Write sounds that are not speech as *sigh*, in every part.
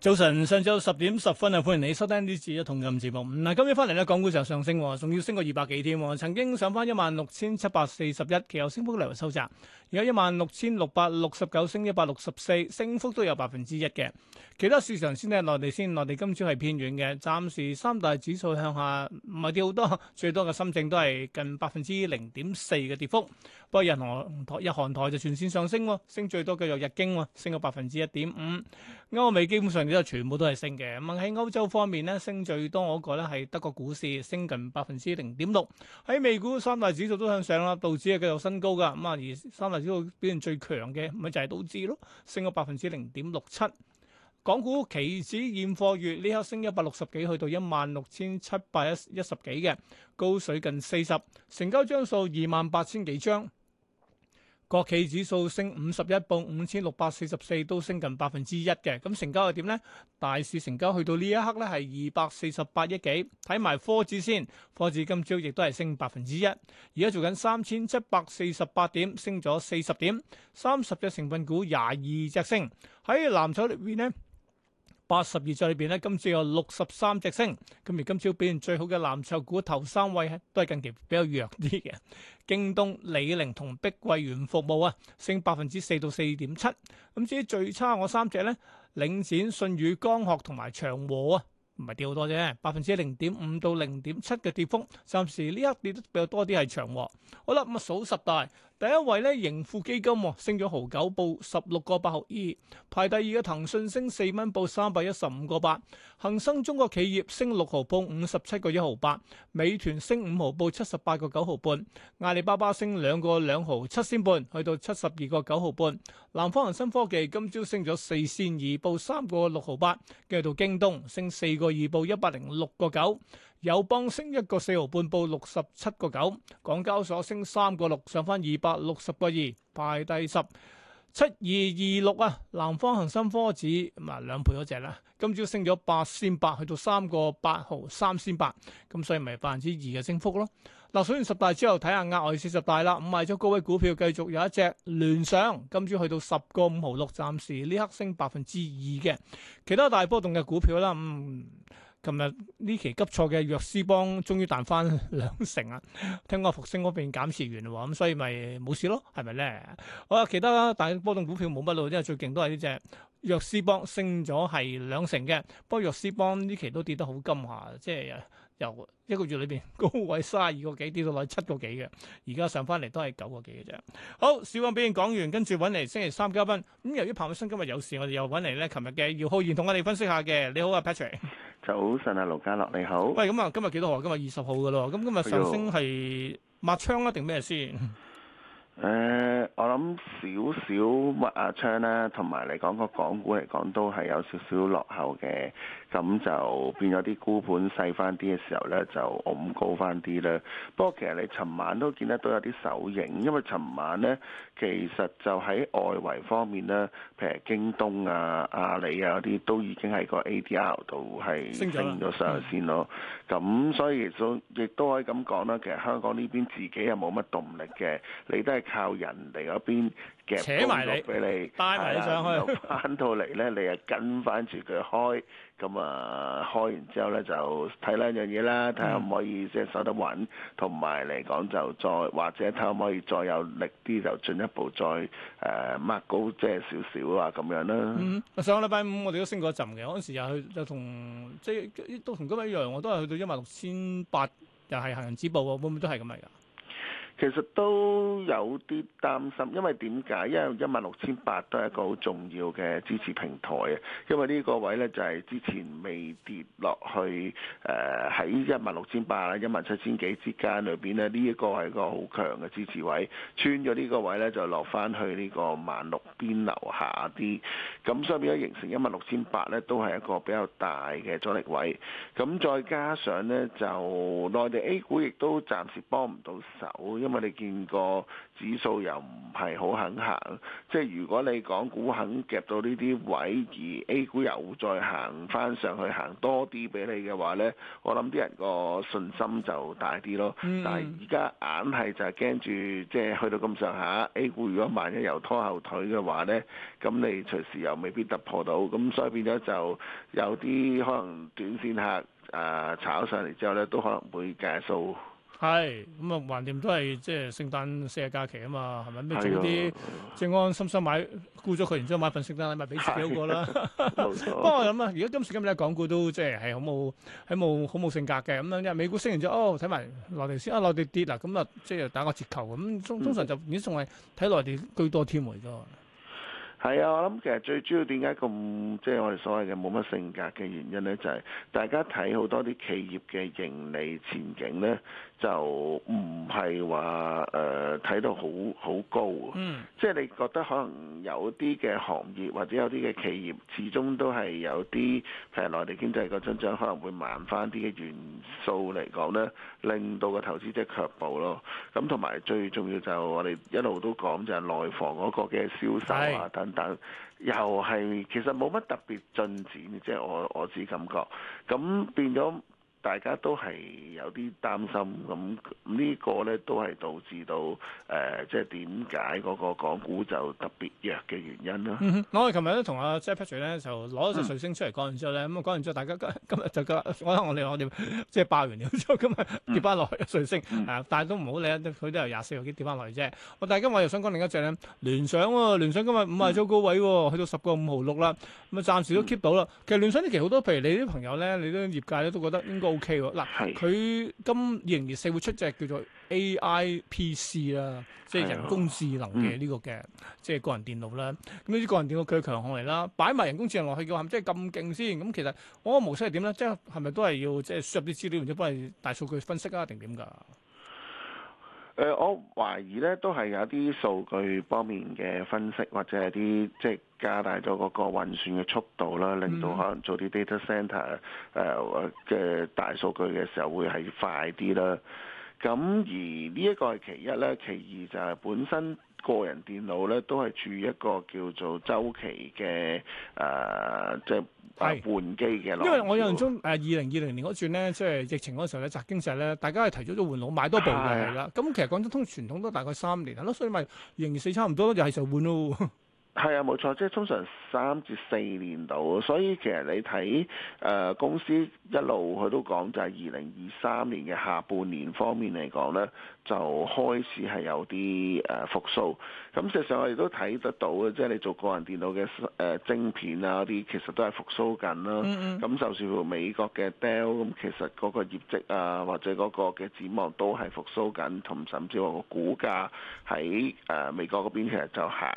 早晨，上晝十點十分啊！歡迎你收聽呢節《一桶金》節目。嗱，今日翻嚟咧，港股就上，上升，仲要升過二百幾添。曾經上翻一萬六千七百四十一，其後升幅略為收窄。而家一萬六千六百六十九，升一百六十四，升幅都有百分之一嘅。其他市場先咧，內地先，內地，地今朝係偏軟嘅，暫時三大指數向下唔係跌好多，最多嘅深證都係近百分之零點四嘅跌幅。不過日台日韓台就全線上升，升最多嘅就日經，升到百分之一點五。歐美基本上亦都全部都係升嘅。咁喺歐洲方面咧，升最多嗰個咧係德國股市，升近百分之零點六。喺美股三大指數都向上啦，道指係繼續新高噶。咁啊，而三大指數表現最強嘅咪就係道指咯，升咗百分之零點六七。港股期指現貨月呢刻升一百六十幾，去到一萬六千七百一一十幾嘅高水近四十，成交張數二萬八千幾張。國企指數升五十一報五千六百四十四，都升近百分之一嘅。咁成交係點咧？大市成交去到呢一刻咧係二百四十八億幾。睇埋科指先，科指今朝亦都係升百分之一。而家做緊三千七百四十八點，升咗四十點，三十隻成分股廿二隻升。喺藍籌裏面咧，八十二隻裏邊咧，今次有六十三隻升，咁而今朝表現最好嘅藍籌股頭三位都係近期比較弱啲嘅，京東、李寧同碧桂園服務啊，升百分之四到四點七。咁至於最差嗰三隻咧，領展、信義光能同埋長和啊，唔係跌好多啫，百分之零點五到零點七嘅跌幅。暫時呢一刻跌得比較多啲係長和。好啦，咁啊數十大。第一位咧盈富基金啊，升咗毫九，報十六個八毫二；排第二嘅騰訊升四蚊，報三百一十五個八；恒生中國企業升六毫，報五十七個一毫八；美團升五毫，報七十八個九毫半；阿里巴巴升兩個兩毫，七仙半，去到七十二個九毫半；南方恒生科技今朝升咗四仙二，報三個六毫八；繼續到京東升四個二，報一百零六個九。友邦升一個四毫半，報六十七個九。9, 港交所升三個六，上返二百六十個二，排第十七二二六啊。6, 南方恒生科指咁啊兩倍嗰隻啦，今朝升咗八仙八，去到三個八毫三仙八，咁所以咪百分之二嘅升幅咯。嗱，數完十大之後，睇下額外四十大啦，五買咗高位股票，繼續有一隻聯想，em, 今朝去到十個五毫六，暫時呢刻升百分之二嘅。其他大波動嘅股票啦，嗯。琴日呢期急挫嘅藥師幫終於彈翻兩成啊！聽講復星嗰邊減持完喎，咁所以咪冇事咯，係咪咧？好啦，其他大波動股票冇乜咯，因為最勁都係呢隻藥師幫升咗係兩成嘅，不過藥師幫呢期都跌得好急下，即係。由一個月裏邊高位三十二個幾，跌到落去七個幾嘅，而家上翻嚟都係九個幾嘅啫。好，小王俾你講完，跟住揾嚟星期三嘉賓。咁由於彭偉生今日有事，我哋又揾嚟咧，琴日嘅姚浩然同我哋分析下嘅。你好啊，Patrick。早晨啊，盧家樂你好。喂，咁啊，今日幾多號？今日二十號㗎咯。咁今日上升係抹槍啊，定咩先？誒、呃，我諗少少抹槍啊槍啦。同埋你講個港股嚟講，都係有少少落後嘅。咁就變咗啲沽盤細翻啲嘅時候呢，就㧬高翻啲喇。不過其實你尋晚都見得到有啲手影，因為尋晚呢，其實就喺外圍方面咧，譬如京東啊、阿里啊嗰啲都已經係個 ADR 度係升咗上先咯。咁所以亦都可以咁講啦，其實香港呢邊自己又冇乜動力嘅，你都係靠人哋嗰邊嘅股數俾你、啊、帶埋上去，翻到嚟呢，你又跟翻住佢開。咁啊，開完之後咧就睇兩樣嘢啦，睇下可唔可以即係收得穩，同埋嚟講就再或者睇下可唔可以再有力啲，就進一步再誒掹高即係少少啊，咁樣啦。嗯，上個禮拜五我哋都升過一陣嘅，嗰陣時又去就同即係都同今日一樣，我都係去到一萬六千八，又係行人止步喎，會唔會都係咁嚟㗎？其實都有啲擔心，因為點解？因為一萬六千八都係一個好重要嘅支持平台啊！因為呢個位呢，就係之前未跌落去誒喺一萬六千八啦、一萬七千幾之間裏邊呢，呢一個係個好強嘅支持位，穿咗呢個位呢，就落翻去呢個萬六邊樓下啲。咁所以變咗形成一萬六千八呢，都係一個比較大嘅阻力位。咁再加上呢，就內地 A 股亦都暫時幫唔到手，因為你見過指數又唔係好肯行，即係如果你港股肯夾到呢啲位，而 A 股又再行翻上去行多啲俾你嘅話呢，我諗啲人個信心就大啲咯。但係而家硬係就係驚住，即係去到咁上下，A 股如果萬一又拖後腿嘅話呢，咁你隨時又未必突破到，咁所以變咗就有啲可能短線客啊炒上嚟之後呢，都可能會計數。係，咁啊，橫掂都係即係聖誕四日假期啊嘛，係咪？咩整啲即安安心心買，沽咗佢，然之後買份聖誕禮物俾自己好過啦。不過我諗啊，如果今時今日港股都即係係好冇，係冇好冇性格嘅咁樣，因為美股升完之後，哦，睇埋內地先啊，內地跌啦，咁啊，即係又打個折扣咁，通常就已經仲係睇內地居多添，而家。係啊，我諗其實最主要點解咁即係我哋所謂嘅冇乜性格嘅原因咧，就係大家睇好多啲企業嘅盈利前景咧，就唔係話誒睇到好好高。嗯。即係你覺得可能有啲嘅行業或者有啲嘅企業，始終都係有啲誒內地經濟個增長可能會慢返啲嘅元素嚟講咧，令到個投資者卻步咯。咁同埋最重要就我哋一路都講就係內房嗰個嘅銷售啊但又係其實冇乜特別進展，即係我我自己感覺咁變咗。大家都係有啲擔心，咁呢個咧都係導致到誒、呃，即係點解嗰個港股就特別弱嘅原因啦、啊嗯。我哋琴日咧同阿 Jack Patrick 咧就攞咗隻瑞星出嚟講完之後咧，咁、嗯嗯、講完之後大家今日就覺得我哋我點，即係爆完料之後今日跌翻落去嘅瑞星，嗯、啊但係都唔好理佢都係廿四個幾跌翻落去啫。但係、哦、今日又想講另一隻咧，聯想喎、啊啊，聯想今日五啊個高位喎、啊，去到十個五毫六啦，咁、嗯、啊、嗯、暫時都 keep 到啦。其實聯想呢期好多，譬如你啲朋友咧，你啲業界咧都覺得應該。O K，嗱佢今二零二四會出隻叫做 A I P C 啦，即係人工智能嘅呢個嘅 *noise* 即係個人電腦啦。咁呢啲個人電腦佢強項嚟啦，擺埋人工智能落去叫喊，即係咁勁先。咁其實我個模式係點咧？即係係咪都係要即係輸入啲資料，然之後幫你大數據分析啊，定點噶？誒、呃，我懷疑咧，都係有啲數據方面嘅分析，或者係啲即係加大咗嗰個運算嘅速度啦，令到可能做啲 data center 誒、呃、嘅、呃呃、大數據嘅時候會係快啲啦。咁而呢一個係其一咧，其二就係本身。個人電腦咧都係處於一個叫做周期嘅誒、呃，即係、呃、大換機嘅。因為我印象中誒二零二零年嗰轉咧，即、就、係、是、疫情嗰時候咧，宅經濟咧，大家係提早咗換腦買多部㗎啦。咁的、嗯、其實講得通傳統都大概三年啦，所以咪二零二四差唔多又係時候換。就是 *laughs* 係啊，冇錯，即係通常三至四年度。所以其實你睇誒、呃、公司一路佢都講就係二零二三年嘅下半年方面嚟講咧，就開始係有啲誒、呃、復甦。咁事實上我哋都睇得到嘅，即係你做個人電腦嘅誒、呃、晶片啊啲，其實都係復甦緊啦。咁、嗯嗯、就算乎美國嘅 Dell，咁其實嗰個業績啊或者嗰個嘅展望都係復甦緊，同甚至乎個股價喺誒、呃、美國嗰邊其實就行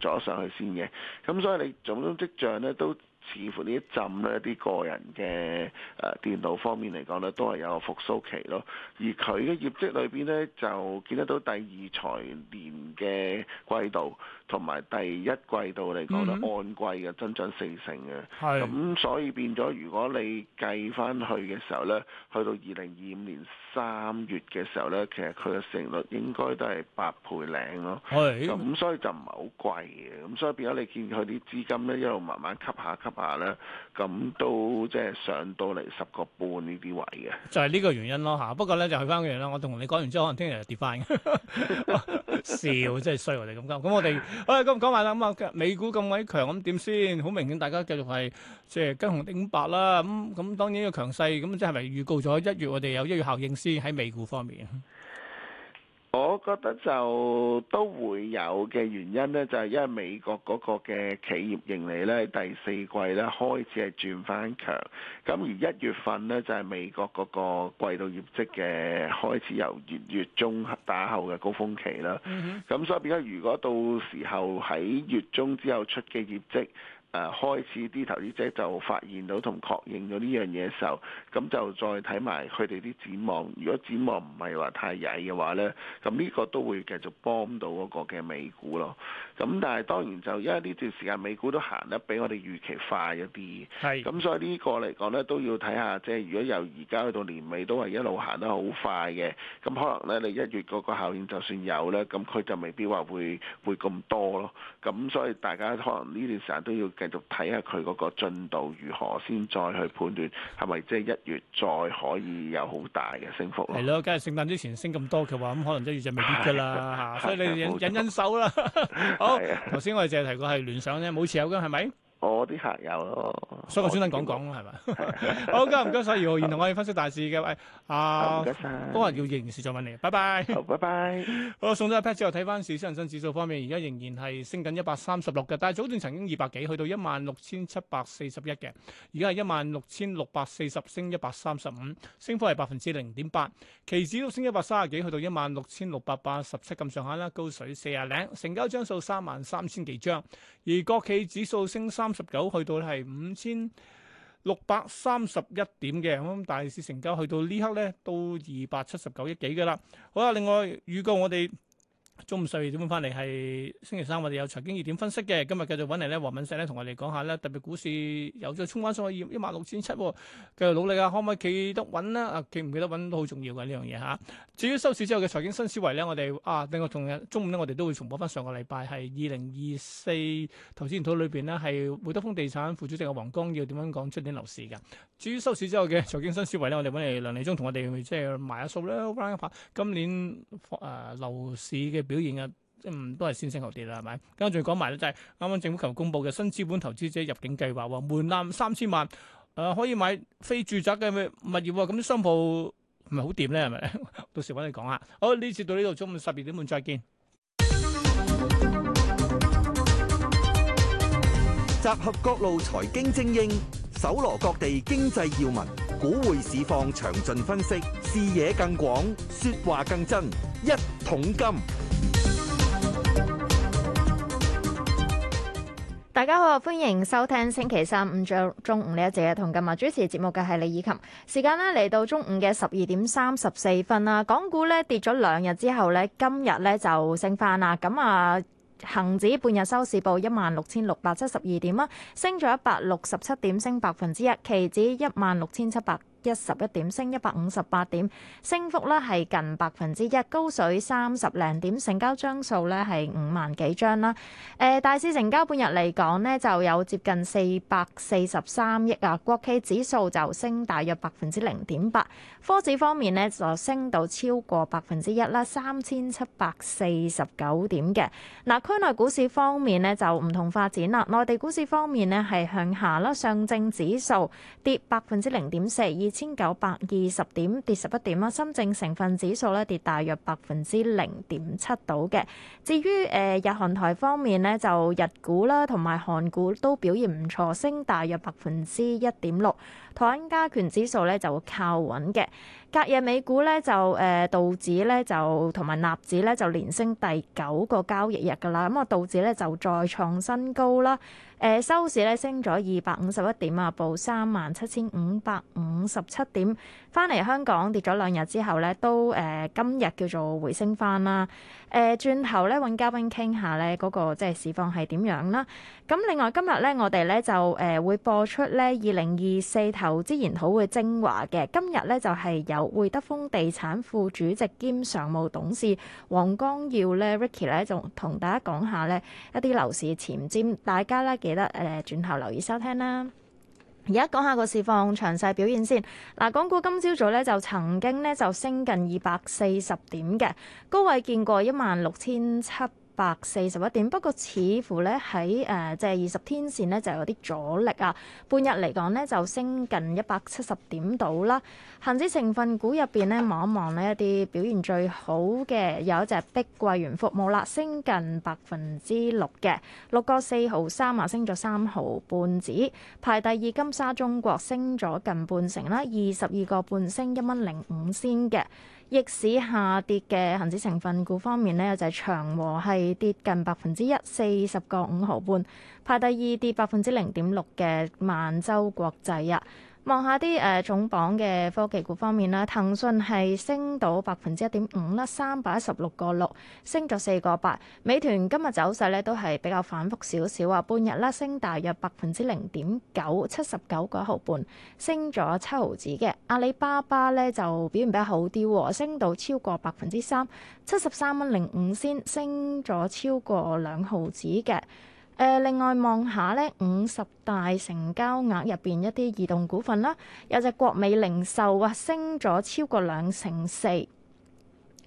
咗上。係先嘅，咁所以你種種跡象咧都。 *noise* 似乎呢一陣咧，啲個人嘅誒、呃、電腦方面嚟講咧，都係有個復甦期咯。而佢嘅業績裏邊咧，就見得到第二財年嘅季度同埋第一季度嚟講咧，嗯、哼按季嘅增長四成嘅。係是。咁所以變咗，如果你計翻去嘅時候咧，去到二零二五年三月嘅時候咧，其實佢嘅成率應該都係八倍零咯。係、哎。咁所以就唔係好貴嘅。咁所以變咗，你見佢啲資金咧一路慢慢吸下吸下咧，咁都即係上到嚟十個半呢啲位嘅，就係呢個原因咯嚇。不過咧就去翻嘅啦，我同你講完之後，可能聽日就跌翻。笑，笑真係衰我哋咁鳩。咁、嗯、我哋，哎、嗯，咁講埋啦。咁啊，美股咁鬼強，咁點先？好明顯，大家繼續係即係跟紅頂白啦。咁、嗯、咁、嗯、當然要強勢，咁、嗯、即係咪預告咗一月我哋有一月效應先喺美股方面？我覺得就都會有嘅原因呢，就係、是、因為美國嗰個嘅企業盈利呢，第四季呢開始係轉翻強，咁而一月份呢，就係、是、美國嗰個季度業績嘅開始由月月中打後嘅高峰期啦，咁、Mm-hmm. 所以變咗如果到時候喺月中之後出嘅業績。誒開始啲投資者就發現到同確認咗呢樣嘢嘅時候，咁就再睇埋佢哋啲展望。如果展望唔係話太曳嘅話呢，咁呢個都會繼續幫到嗰個嘅美股咯。咁但係當然就因為呢段時間美股都行得比我哋預期快一啲，係是。咁所以呢個嚟講呢，都要睇下，即係如果由而家去到年尾都係一路行得好快嘅，咁可能呢你一月嗰個效應就算有咧，咁佢就未必話會會咁多咯。咁所以大家可能呢段時間都要。繼續睇下佢嗰個進度如何，先再去判斷係咪即係一月再可以有好大嘅升幅咯。係咯，梗係聖誕之前升咁多嘅話，咁可能一月就未必㗎啦嚇。的所以你忍錯忍忍手啦。 *laughs* 好，頭先的我哋淨係提過係聯想咧，冇持有㗎，係咪？我啲客有，所以我專登講講咯，係咪？好嘅，唔該晒。姚浩然同我哋分析大市嘅，喂，啊，都係要認事再問你，拜拜，好，拜拜。好，送咗阿 Pat 之後，睇翻市，恒生指數方面，而家仍然係升緊一百三十六嘅，但係早段曾經二百幾，去到一萬六千七百四十一嘅，而家係一萬六千六百四十，升一百三十五，升幅係百分之零點八，期指都升一百三十幾，去到一萬六千六百八十七咁上下啦，高水四啊零，成交張數三萬三千幾張，而國企指數升三。十九去到係五千六百三十一點嘅，咁大市成交去到呢刻呢都二百七十九億幾㗎啦。好啦，另外預告我哋。中午十二點翻嚟係星期三，我哋有財經熱點分析嘅。今日繼續揾嚟咧，黃敏碩咧同我哋講下咧，特別股市有咗衝翻上去二一萬六千七，繼續努力啊！可唔可以企得穩呢、啊、企，企得穩咧？企唔企得穩都好重要嘅呢樣嘢嚇。至於收市之後嘅財經新思維咧，我哋啊另外仲有中午咧，我哋都會重播翻上個禮拜係二零二四投資研討會裏邊咧，係會德豐地產副主席嘅黃光耀點樣講出年樓市嘅。至於收市之後嘅財經新思維咧，我哋揾嚟梁利忠同我哋即係埋下數咧，翻一排今年誒、呃、樓市嘅。表現啊，嗯，都係先升後跌啦，係咪？跟住講埋咧，就係啱啱政府求公布嘅新資本投資者入境計劃，話門檻三千萬，誒，可以買非住宅嘅物業咁啲商鋪，唔係好掂咧，係咪？到時揾你講下。好，呢次到呢度，中午十二點半再見。集合各路財經精英，搜羅各地經濟要聞，股匯市況詳盡分析，視野更廣，說話更真，一桶金。大家好，歡迎收聽星期三午晝中午呢一節嘅，同今日主持節目嘅係李以琴。時間咧嚟到中午嘅十二點三十四分啦，港股咧跌咗兩日之後咧，今日咧就升返啦。咁啊，恒指半日收市報一萬六千六百七十二點啊，升咗一百六十七點，升百分之一。1，期指一萬六千七百。一十一點升一百五十八點，升幅咧係近百分之一，高水三十零點，成交張數咧係五萬幾張啦。誒、呃，大市成交半日嚟講呢就有接近四百四十三億啊。國企指數就升大約百分之零點八，科指方面呢就升到超過百分之一啦，三千七百四十九點嘅。嗱、呃，區內股市方面呢就唔同發展啦。內地股市方面呢係向下啦，上證指數跌百分之零點四二。千九百二十點跌十一點啦，深證成分指數咧跌大約百分之零點七度嘅。至於誒日韓台方面呢，就日股啦同埋韓股都表現唔錯，升大約百分之一點六。台灣加權指數咧就會靠穩嘅，隔夜美股咧就誒、呃、道指咧就同埋納指咧就連升第九個交易日噶啦，咁啊道指咧就再創新高啦，誒、呃、收市咧升咗二百五十一點啊，報三萬七千五百五十七點。翻嚟香港跌咗兩日之後呢都誒、呃、今日叫做回升翻啦。誒、呃、轉頭呢，揾嘉賓傾下呢嗰、那個即係市況係點樣啦？咁另外今日呢，我哋呢就誒、呃、會播出呢二零二四投資研討會精華嘅。今日呢，就係由會德豐地產副主席兼常務董事黃光耀呢 Ricky 呢，就同大家講下呢一啲樓市前瞻。大家呢，記得誒轉、呃、頭留意收聽啦。而家講下個市況，詳細表現先。嗱，港股今朝早咧就曾經咧就升近二百四十點嘅高位，見過一萬六千七百四十一點，不過似乎咧喺誒即係二十天線呢就有啲阻力啊。半日嚟講呢，就升近一百七十點度啦。恆指成分股入邊呢，望一望呢一啲表現最好嘅有一隻碧桂園服務啦，升近百分之六嘅六個四毫三啊，升咗三毫半指，排第二金沙中國升咗近半成啦，二十二個半升一蚊零五先嘅。逆市下跌嘅恒指成分股方面咧，就係、是、長和系跌近百分之一，四十個五毫半；排第二跌百分之零點六嘅萬洲國際啊。望下啲誒總榜嘅科技股方面啦，騰訊係升到百分之一點五啦，三百一十六個六，升咗四個八。美團今日走勢咧都係比較反覆少少啊，半日啦升大約百分之零點九，七十九個一毫半，升咗七毫子嘅。阿里巴巴咧就表現比較好啲，升到超過百分之三，七十三蚊零五仙，升咗超過兩毫子嘅。誒，另外望下咧，五十大成交額入邊一啲移動股份啦，有隻國美零售啊，升咗超過兩成四。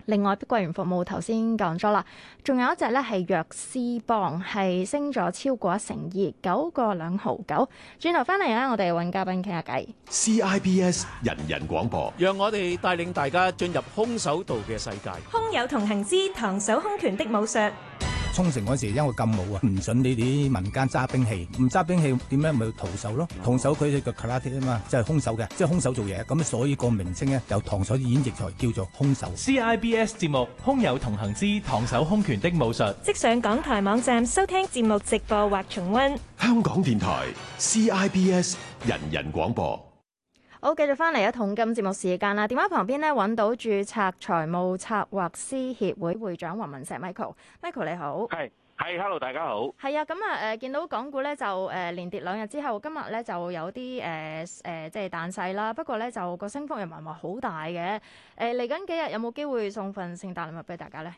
另外碧桂園服務頭先講咗啦，仲有一隻咧係藥師幫，係升咗超過一成二九個兩毫九。轉頭翻嚟咧，我哋揾嘉賓傾下偈。CIBS 人人廣播，讓我哋帶領大家進入空手道嘅世界。空有同行之，唐手空拳的武術。沖繩嗰時因為禁武啊，唔準你哋民間揸兵器，唔揸兵器點樣咪徒手咯？徒手佢就卡拉啊嘛，就係、是、空手嘅，即、就、係、是、空手做嘢。咁所以個名稱咧由唐手演繹才，才叫做空手。CIBS 節目《空有同行之唐手空拳的武術》，即上港台網站收聽節目直播或重温。香港電台 CIBS 人人廣播。好，繼續翻嚟一桶金節目時間啦。電話旁邊咧揾到注冊財務策劃師協會會長云文石 Michael，Michael Michael, 你好。係，係，Hello，大家好。係啊，咁、嗯、啊，誒，見到港股咧就誒連跌兩日之後，今日咧就有啲誒誒，即係彈勢啦。不過咧就個升幅又唔係話好大嘅。誒、嗯，嚟緊幾日有冇機會送份聖誕禮物俾大家咧？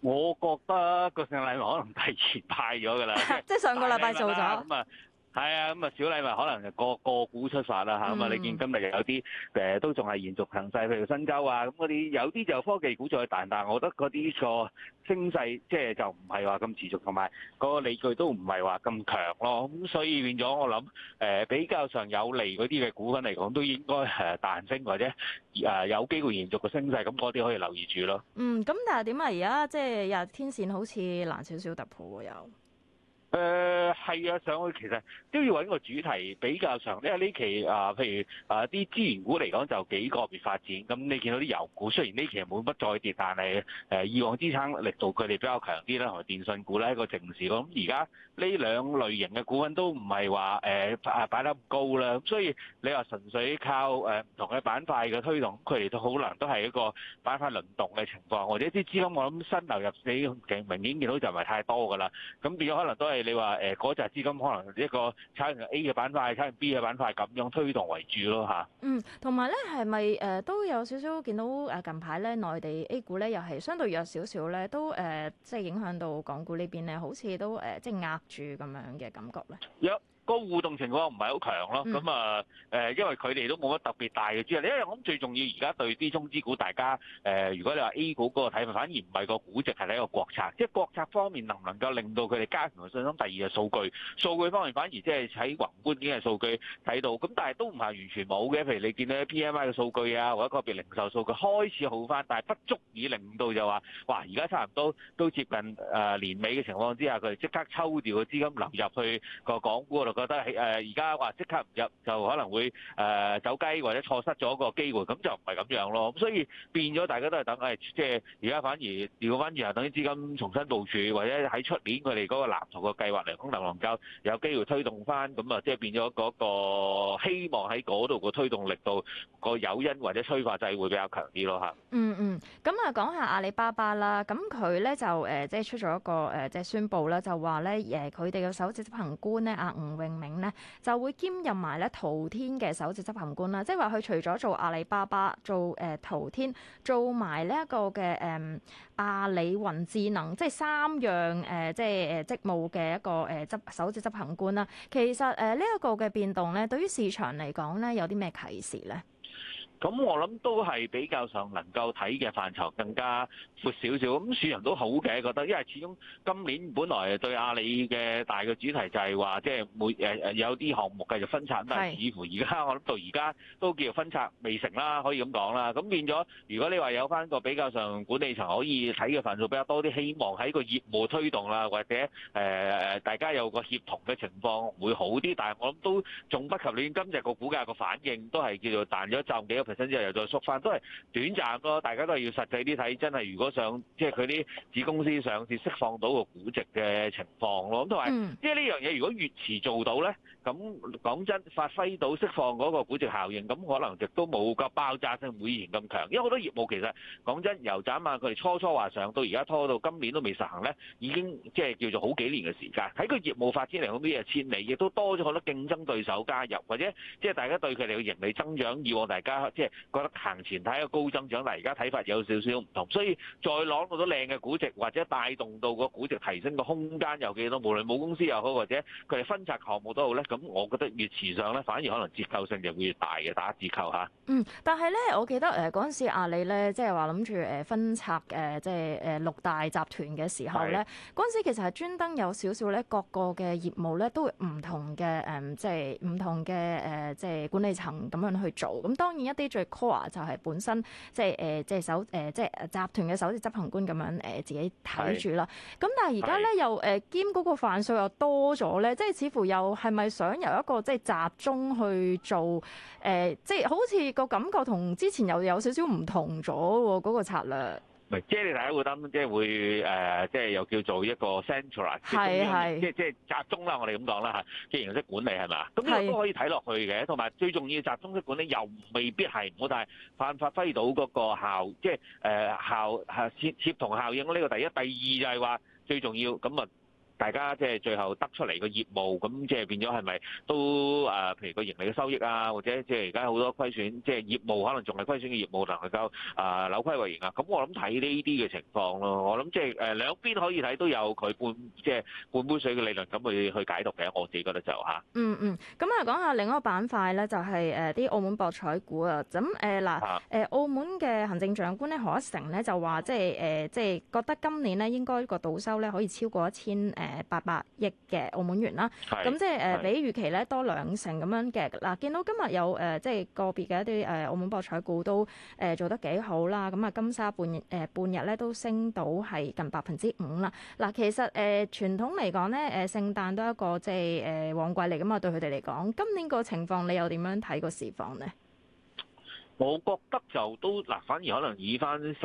我覺得個聖誕禮物可能提前派咗噶啦，即係 *laughs* 上個禮拜做咗。 *laughs* 係啊，咁啊小禮物可能個個股出發啦嚇，咁啊、嗯、你見今日有啲誒都仲係延續強勢，譬如新洲啊，咁嗰啲有啲就科技股再彈，但係我覺得嗰啲個升勢即係就唔係話咁持續，同埋嗰個理據都唔係話咁強咯。咁所以變咗我諗誒、呃、比較上有利嗰啲嘅股份嚟講，都應該誒彈升或者誒有機會延續個升勢，咁嗰啲可以留意住咯。嗯，咁但係點啊？而家即係日天線好似難少少突破喎又。誒係啊，上去其實都要揾個主題比較長，因為呢期啊，譬如啊啲資源股嚟講就幾個別發展。咁你見到啲油股雖然呢期冇乜再跌，但係誒、呃、以往支撐力度佢哋比較強啲啦，同埋電信股咧喺個城市。咁而家呢兩類型嘅股份都唔係話誒啊擺得咁高啦。咁所以你話純粹靠誒唔同嘅板塊嘅推動，佢哋都好難都係一個板塊輪動嘅情況，或者啲資金我諗新流入呢期明顯見到就唔係太多噶啦。咁變咗可能都係。你話誒嗰紮資金可能一個炒完 A 嘅板塊，炒完 B 嘅板塊咁樣推動為主咯吓，嗯，同埋咧係咪誒都有少少見到誒近排咧內地 A 股咧又係相對弱少少咧，都誒、呃、即係影響到港股呢邊咧，好似都誒、呃、即係壓住咁樣嘅感覺咧。Yeah. 個互動情況唔係好強咯，咁啊誒，因為佢哋都冇乜特別大嘅主力，因為我諗最重要而家對啲中資股，大家誒、呃，如果你話 A 股嗰個睇法，反而唔係個估值係喺個國策，即係國策方面能唔能夠令到佢哋加強個信心？第二個數據，數據方面反而即係喺宏觀經濟數據睇到，咁但係都唔係完全冇嘅。譬如你見到 P M I 嘅數據啊，或者個別零售數據開始好返，但係不足以令到就話，哇！而家差唔多都接近誒年尾嘅情況之下，佢哋即刻抽調個資金流入去個港股度。覺得係誒而家話即刻唔入就可能會誒走雞或者錯失咗個機會，咁就唔係咁樣咯。咁所以變咗大家都係等誒，即係而家反而調翻轉，等於資金重新部署，或者喺出年佢哋嗰個藍圖嘅計劃嚟講，能能夠有機會推動翻，咁啊即係變咗嗰個希望喺嗰度個推動力度、個誘因或者催化劑會比較強啲咯吓，嗯嗯，咁啊講下阿里巴巴啦，咁佢咧就誒即係出咗一個誒即係宣布啦，就話咧誒佢哋嘅首席執行官咧阿吳永命咧就會兼任埋咧淘天嘅首席執行官啦，即係話佢除咗做阿里巴巴、做誒淘、呃、天、做埋呢一個嘅誒、呃、阿里雲智能，即係三樣誒、呃、即係職務嘅一個誒執、呃、首席執行官啦。其實誒呢一個嘅變動咧，對於市場嚟講咧，有啲咩啟示咧？咁我諗都係比較上能夠睇嘅範疇更加闊少少，咁市人都好嘅，覺得，因為始終今年本來對阿里嘅大嘅主題就係話，即、就、係、是、每誒誒、呃、有啲項目繼續分拆，但係是似乎而家我諗到而家都叫做分拆未成啦，可以咁講啦。咁變咗，如果你話有翻個比較上管理層可以睇嘅範疇比較多啲，希望喺個業務推動啦，或者誒誒、呃、大家有個協同嘅情況會好啲，但係我諗都仲不及你今日個股價個反應，都係叫做彈咗就幾甚至又再縮翻，都係短暫咯。大家都係要實際啲睇，真係如果上，即係佢啲子公司上次釋放到個估值嘅情況咯。咁同埋，即係呢樣嘢如果越遲做到咧，咁講真，發揮到釋放嗰個估值效應，咁可能亦都冇個爆炸性以前咁強。因為好多業務其實講真，油站啊，佢哋初初話上到而家拖到今年都未實行咧，已經即係叫做好幾年嘅時間。喺個業務發展嚟講，啲啊千里亦都多咗好多競爭對手加入，或者即係大家對佢哋嘅盈利增長，以往大家。即係覺得行前睇個高增長，但而家睇法有少少唔同，所以再攞到多靚嘅估值，或者帶動到個估值提升嘅空間有幾多？無論母公司又好，或者佢哋分拆項目都好咧，咁我覺得越遲上咧，反而可能折扣性就會越大嘅打折扣嚇。嗯，但係咧，我記得誒嗰陣時阿里咧，即係話諗住誒分拆誒即係誒六大集團嘅時候咧，嗰陣是時其實係專登有少少咧各個嘅業務咧都會唔同嘅誒、呃，即係唔同嘅誒、呃、即係管理層咁樣去做。咁當然一啲。最 core 就係本身即係誒，即係首誒，即係、呃、集團嘅首席執行官咁樣誒、呃，自己睇住啦。咁是但係而家咧又誒、呃，兼嗰個範數又多咗咧，即係似乎又係咪想由一個即係集中去做誒、呃，即係好似個感覺同之前又有少少唔同咗嗰、嗰個策略。唔即係你大家會等，即係會誒、呃，即係又叫做一個 central，係係即係即係集中啦，我哋咁講啦嚇，嘅形式管理係咪，咁呢個都可以睇落去嘅，同埋最重要集中式管理又未必係唔好，但係發發揮到嗰個效，即係誒效係協協同效應呢個第一，第二就係話最重要咁啊。大家即係最後得出嚟個業務咁，即係變咗係咪都啊？譬如個盈利嘅收益啊，或者即係而家好多虧損，即係業務可能仲係虧損嘅業務，能夠誒扭虧為盈啊。咁我諗睇呢啲嘅情況咯。我諗即係誒兩邊可以睇都有佢半即係半杯水嘅理論咁去去解讀嘅。我自己覺得就嚇、嗯。嗯嗯，咁啊講下另一個板塊咧，就係誒啲澳門博彩股、呃呃、啊。咁誒嗱誒，澳門嘅行政長官咧賀一誠咧就話即係誒即係覺得今年咧應該個賭收咧可以超過一千誒。誒八百億嘅澳門元啦，咁即係誒比預期咧多兩成咁樣嘅。嗱，見到今日有誒、呃，即係個別嘅一啲誒澳門博彩股都誒、呃、做得幾好啦。咁啊，金沙半誒、呃、半日咧都升到係近百分之五啦。嗱，其實誒傳、呃、統嚟講咧，誒聖誕都係一個即係誒、呃、旺季嚟噶嘛，對佢哋嚟講。今年個情況你又點樣睇個市況呢？我覺得就都嗱、呃，反而可能以翻十。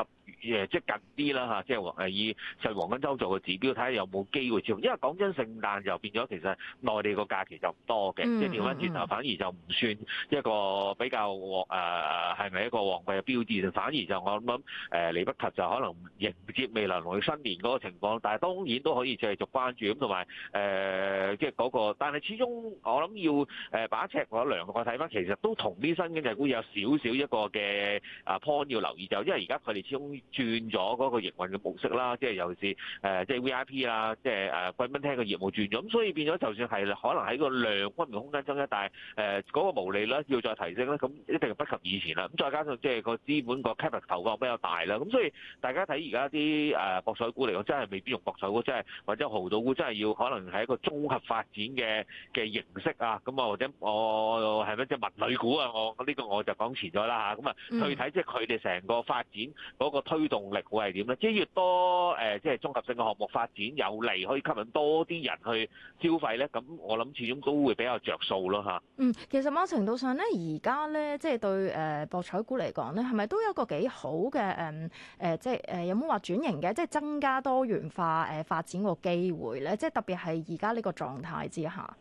誒即近啲啦嚇，即係誒以上黃金周做個指標，睇下有冇機會先。因為講真，聖誕就變咗其實內地個假期就唔多嘅，mm hmm. 即係調翻轉頭反而就唔算一個比較誒係咪一個旺季嘅標誌。就反而就我諗誒嚟不及就可能迎接未來新年嗰個情況。但係當然都可以繼續關注咁同埋誒即係嗰個，但係始終我諗要誒把尺量，我睇翻其實都同啲新經濟股有少少一個嘅啊 point 要留意就，就因為而家佢哋始終。轉咗嗰個營運嘅模式啦，即係尤其是誒，即係 V.I.P 啦，即係誒貴賓廳嘅業務轉咗，咁所以變咗，就算係可能喺個量方面空間增加，但係誒嗰個毛利咧要再提升咧，咁一定不及以前啦。咁再加上即係個資本個 capital 投比較大啦，咁所以大家睇而家啲誒博彩股嚟講，我真係未必用博彩股，真係或者豪賭股，真係要可能係一個綜合發展嘅嘅形式啊。咁啊，或者我係咪即係物裏股啊？我呢個我就講前咗啦嚇。咁啊，去睇即係佢哋成個發展嗰個推。推動力會係點咧？即係越多誒，即係綜合性嘅項目發展有利，可以吸引多啲人去消費咧。咁我諗始終都會比較着數咯，嚇。嗯，其實某程度上咧，而家咧，即係對誒博彩股嚟講咧，係咪都有一個幾好嘅誒誒，即係誒有冇話轉型嘅，即係增加多元化誒發展個機會咧？即係特別係而家呢個狀態之下。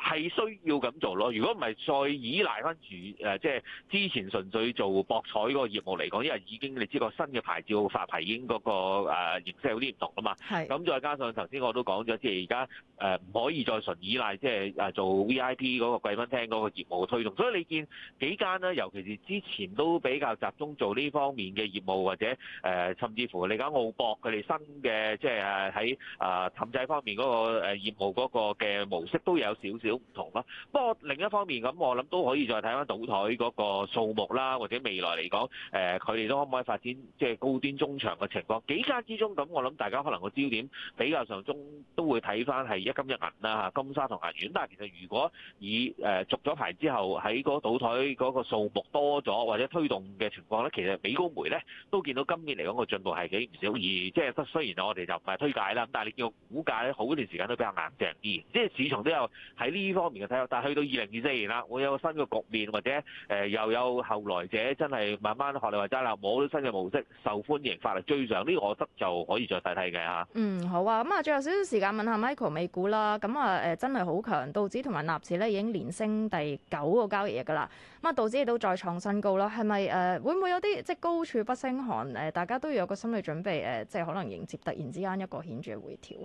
係需要咁做咯，如果唔係再依賴翻住誒，即係之前純粹做博彩嗰個業務嚟講，因為已經你知個新嘅牌照發牌已經嗰個形式有啲唔同啊嘛。係。咁再加上頭先我都講咗，即係而家誒唔可以再純依賴，即係誒做 V I P 嗰個貴賓廳嗰個業務嘅推動。所以你見幾間咧，尤其是之前都比較集中做呢方面嘅業務，或者誒、呃、甚至乎你講澳博佢哋新嘅即係喺誒氹仔方面嗰個誒業務嗰個嘅模式都有少少。都唔同啦。不過 *music* 另一方面咁，我諗都可以再睇翻賭台嗰個數目啦，或者未來嚟講，誒佢哋都可唔可以發展即係高端中場嘅情況？幾家之中咁，我諗大家可能個焦點比較上中都會睇翻係一金一銀啦，金沙同銀娛。但係其實如果以誒續咗牌之後喺嗰賭台嗰個數目多咗或者推動嘅情況呢，其實美高梅呢都見到今年嚟講個進步係幾唔少，而即係雖然我哋就唔係推介啦，但係你見到股價呢，好段時間都比較硬淨啲，即係市場都有喺呢。呢方面嘅睇法，但係去到二零二四年啦，會有個新嘅局面，或者誒、呃、又有後來者，真係慢慢學你話齋啦，摸到新嘅模式受歡迎，發力追上，呢個我覺得就可以再睇睇嘅嚇。嗯，好啊，咁啊，最後少少時間問下 Michael 美股啦。咁啊誒，真係好強，道指同埋納指咧已經連升第九個交易日㗎啦。咁啊，道指亦都再創新高啦。係咪誒會唔會有啲即係高處不勝寒？誒、呃，大家都要有個心理準備誒、呃，即係可能迎接突然之間一個顯著嘅回調。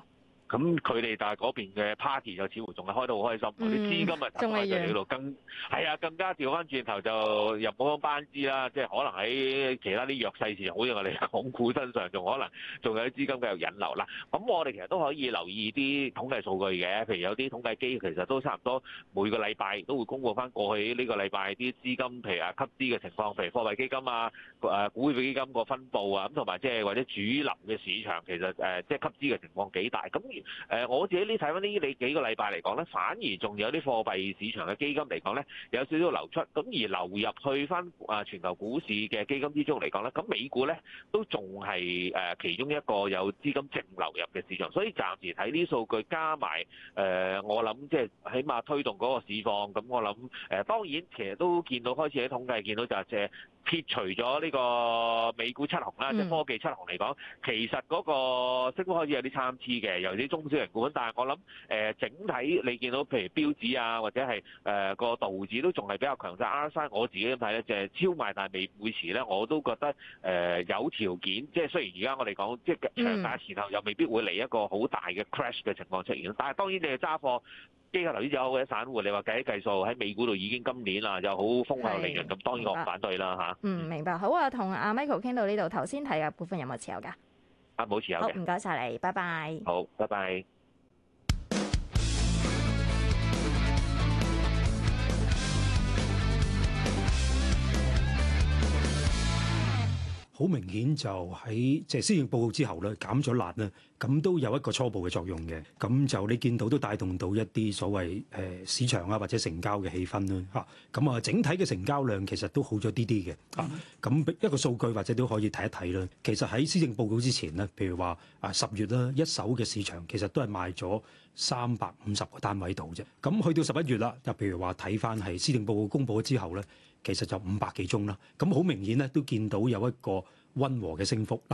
咁佢哋但係嗰邊嘅 party 就似乎仲係開得好開心，啲、嗯、資金在就在啊大喺在嗰度，更係啊更加調翻轉頭就入唔到班 b 啦，即、就、係、是、可能喺其他啲弱勢市場好似我哋港股身上，仲可能仲有啲資金繼續引流啦。咁我哋其實都可以留意啲統計數據嘅，譬如有啲統計機其實都差唔多每個禮拜都會公佈翻過去呢個禮拜啲資金，譬如啊吸資嘅情況，譬如貨幣基金啊、誒股票基金個分佈啊，咁同埋即係或者主流嘅市場其實誒即係吸資嘅情況幾大咁。誒我自己呢，睇翻呢你幾個禮拜嚟講咧，反而仲有啲貨幣市場嘅基金嚟講咧，有少少流出，咁而流入去翻啊全球股市嘅基金之中嚟講咧，咁美股咧都仲係誒其中一個有資金淨流入嘅市場，所以暫時睇啲數據加埋誒，我諗即係起碼推動嗰個市況。咁我諗誒，當然其實都見到開始喺統計見到就係即係撇除咗呢個美股七紅啦，即係科技七雄嚟講，其實嗰個升幅開始有啲參差嘅，有啲。中小型股份，但係我諗誒、呃、整體你，你見到譬如標指啊，或者係誒個道指都仲係比較強勢。RSI 我自己點睇咧，就係、是、超賣，但係未會遲咧。我都覺得誒、呃、有條件，即係雖然而家我哋講即係長假前後又未必會嚟一個好大嘅 crash 嘅情況出現。嗯、但係當然你揸貨機構投資者。或者散戶，你話計一計數喺美股度已經今年啦，又好豐厚利潤咁，是當然我唔反對啦嚇。嗯，明白、嗯。嗯、好啊，同阿 Michael 傾到呢度。頭先睇下股份有冇持有㗎？啊，冇事，有嘅。好，唔該晒你，拜拜。好，拜拜。好明顯就喺即係施政報告之後咧減咗辣咧，咁都有一個初步嘅作用嘅。咁就你見到都帶動到一啲所謂誒、呃、市場啊或者成交嘅氣氛啦嚇。咁啊整體嘅成交量其實都好咗啲啲嘅嚇。咁、啊、一個數據或者都可以睇一睇啦。其實喺施政報告之前咧，譬如話啊十月啦，一手嘅市場其實都係賣咗三百五十個單位度啫。咁去到十一月啦，就譬如話睇返係施政報告公佈咗之後咧。其實就五百幾宗啦，咁好明顯咧，都見到有一個溫和嘅升幅啦。